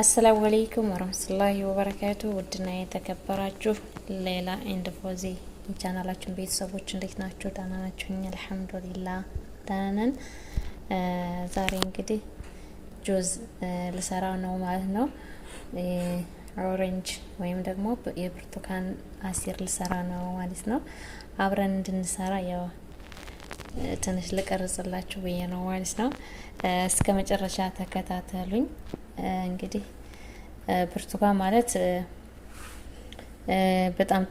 አሰላሙ አለይኩም ወረህመቱላሂ ወበረካቱ። ውድና የተከበራችሁ ሌላ ኤንድ ፎዚ የቻናላችን ቤተሰቦች እንዴት ናችሁ? ዳና ናችሁኝ? አልሐምዱሊላ ዳና ነን። ዛሬ እንግዲህ ጁዝ ልሰራ ነው ማለት ነው። ኦሬንጅ ወይም ደግሞ የብርቱካን አሲር ልሰራ ነው ማለት ነው። አብረን እንድንሰራ ያው ትንሽ ልቀርጽላችሁ ብዬ ነው ማለት ነው። እስከ መጨረሻ ተከታተሉኝ። እንግዲህ ብርቱካን ማለት በጣም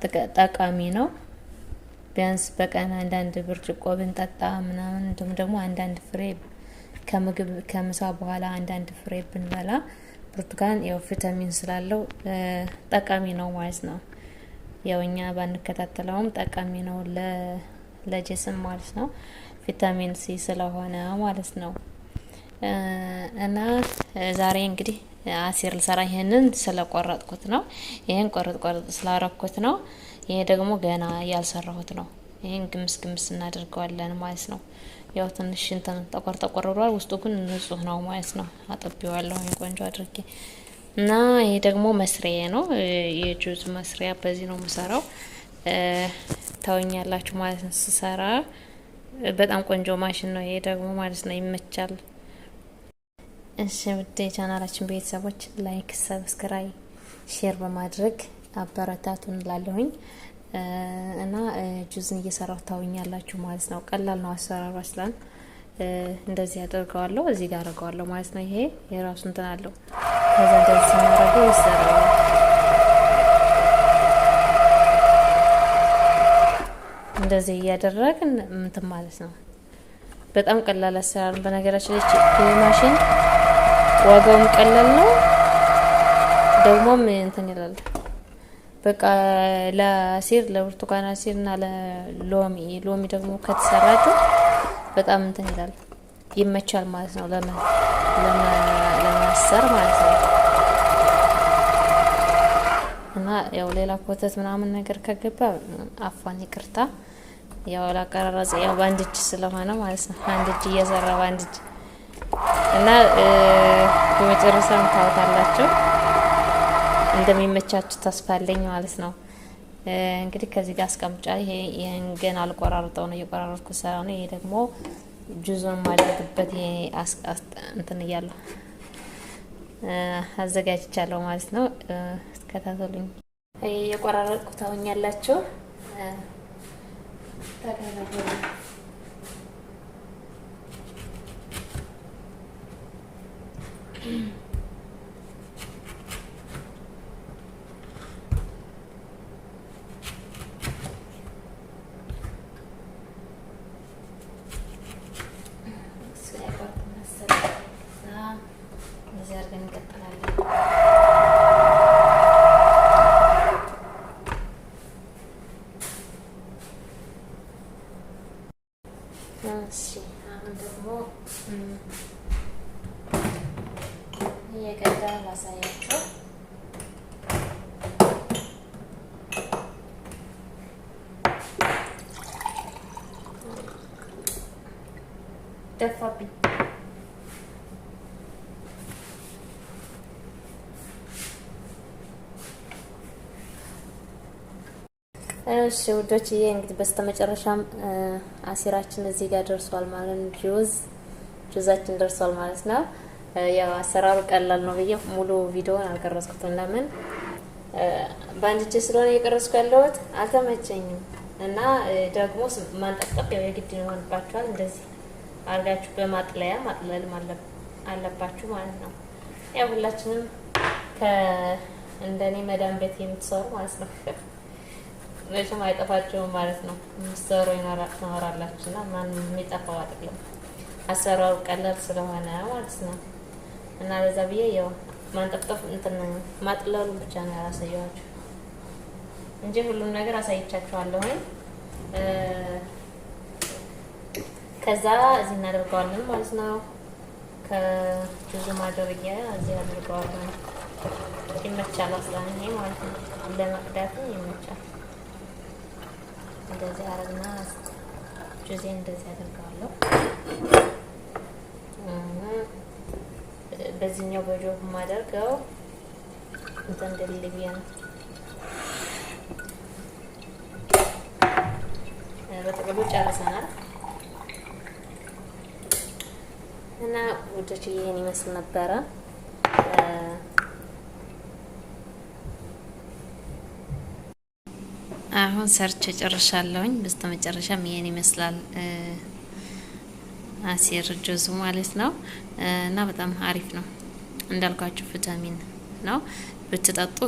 ጠቃሚ ነው። ቢያንስ በቀን አንዳንድ ብርጭቆ ብንጠጣ ምናምን እንዲሁም ደግሞ አንዳንድ ፍሬ ከምግብ ከምሳ በኋላ አንዳንድ ፍሬ ብንበላ ብርቱካን ያው ቪታሚን ስላለው ጠቃሚ ነው ማለት ነው። ያው እኛ ባንከታተለውም ጠቃሚ ነው ለጀስም ማለት ነው። ቪታሚን ሲ ስለሆነ ማለት ነው። እና ዛሬ እንግዲህ አሲር ልሰራ ይሄንን ስለቆረጥኩት ነው። ይሄን ቆርጥ ቆርጥ ስላረኩት ነው። ይሄ ደግሞ ገና ያልሰራሁት ነው። ይሄን ግምስ ግምስ እናደርገዋለን ማለት ነው። ያው ትንሽ እንትን ጠቆር ጠቆር ብሏል። ውስጡ ግን ንጹህ ነው ማለት ነው። አጥቢዋለሁ ቆንጆ አድርጌ እና ይሄ ደግሞ መስሪያ ነው። የጁዝ መስሪያ በዚህ ነው የምሰራው። ታወኛላችሁ ማለት ነው ስሰራ። በጣም ቆንጆ ማሽን ነው ይሄ ደግሞ ማለት ነው። ይመቻል። እሺ ውድ የቻናላችን ቤተሰቦች ላይክ፣ ሰብስክራይ ሼር በማድረግ አበረታቱን ላለሁኝ እና ጁዝን እየሰራሁ ታውኛላችሁ ማለት ነው። ቀላል ነው አሰራሯ አስላን እንደዚህ አደርገዋለሁ፣ እዚህ ጋር አደርገዋለሁ ማለት ነው። ይሄ የራሱ እንትን አለው። ከዛ እንደዚህ ሲናረገው ይሰራል። እንደዚህ እያደረግን እንትን ማለት ነው። በጣም ቀላል አሰራር በነገራችን ማሽን ዋጋውም ቀለል ነው። ደግሞም እንትን ይላል። በቃ ለአሲር ለብርቱካን አሲር እና ለሎሚ ሎሚ ደግሞ ከተሰራችሁ በጣም እንትን ይላል ይመቻል ማለት ነው። ለምን ለማሰር ማለት ነው። እና ያው ሌላ ኮተት ምናምን ነገር ከገባ አፏን ይቅርታ። ያው ላቀራረጽ ያው በአንድ እጅ ስለሆነ ማለት ነው። አንድ እጅ እየሰራ በአንድ እጅ እና በመጨረሻ ታወታላቸው እንደሚመቻችሁ ተስፋለኝ ማለት ነው። እንግዲህ ከዚህ ጋር አስቀምጫ ይሄ ይህን ገና አልቆራርጠው ነው እየቆራረጥኩ ስራ ነው። ይሄ ደግሞ ጁዙን ማድረግበት ይሄ እንትን እያለሁ አዘጋጅቻለሁ ማለት ነው። እስከታተሉኝ እየቆራረጥኩ ታውኛላችሁ። 嗯。እየቀዳ ላሳያቸው። ደፋብኝ። እሺ ውዶችዬ እንግዲህ በስተመጨረሻም አሲራችን እዚህ ጋር ደርሷል ማለት ነው። ጁዝ ጁዛችን ደርሷል ማለት ነው። ያው አሰራሩ ቀላል ነው ብዬ ሙሉ ቪዲዮን አልቀረጽኩትም። ለምን በአንድ እጅ ስለሆነ እየቀረጽኩ ያለሁት አልተመቸኝም፣ እና ደግሞ ማንጠፍጠፍ ያው የግድ ይሆንባችኋል። እንደዚህ አድርጋችሁ በማጥለያ ማጥለል አለባችሁ ማለት ነው። ያው ሁላችንም እንደኔ መዳን ቤት የምትሰሩ ማለት ነው መቼም አይጠፋቸውም ማለት ነው። የምትሰሩ ትኖራላችሁ እና ማንም የሚጠፋው አይደለም። አሰራሩ ቀላል ስለሆነ ማለት ነው። እና ለዛ ብዬ ያው ማንጠፍጠፍ እንትን ማጥለሉ ብቻ ነው ያላሳየኋቸው እንጂ ሁሉም ነገር አሳይቻችኋለሁኝ። ከዛ እዚህ እናደርገዋለን ማለት ነው። ከጁዙ ማድረጊያ እዚህ አድርገዋለን። ይመቻል አስላን ይሄ ማለት ነው። ለመቅዳትም ይመቻል። እንደዚህ አረግና ጁዜ እንደዚህ አደርገዋለሁ። በዚህኛው በጆብ የማደርገው እንትን ድልብዬ ነው። በጥቅሉ ጨርሰናል እና ውዶች ይህን ይመስል ነበረ። አሁን ሰርቼ ጨርሻለሁኝ። በስተመጨረሻም ይሄን ይመስላል። አሲር ጁዝ ማለት ነው እና በጣም አሪፍ ነው። እንዳልኳችሁ ቪታሚን ነው ብትጠጡ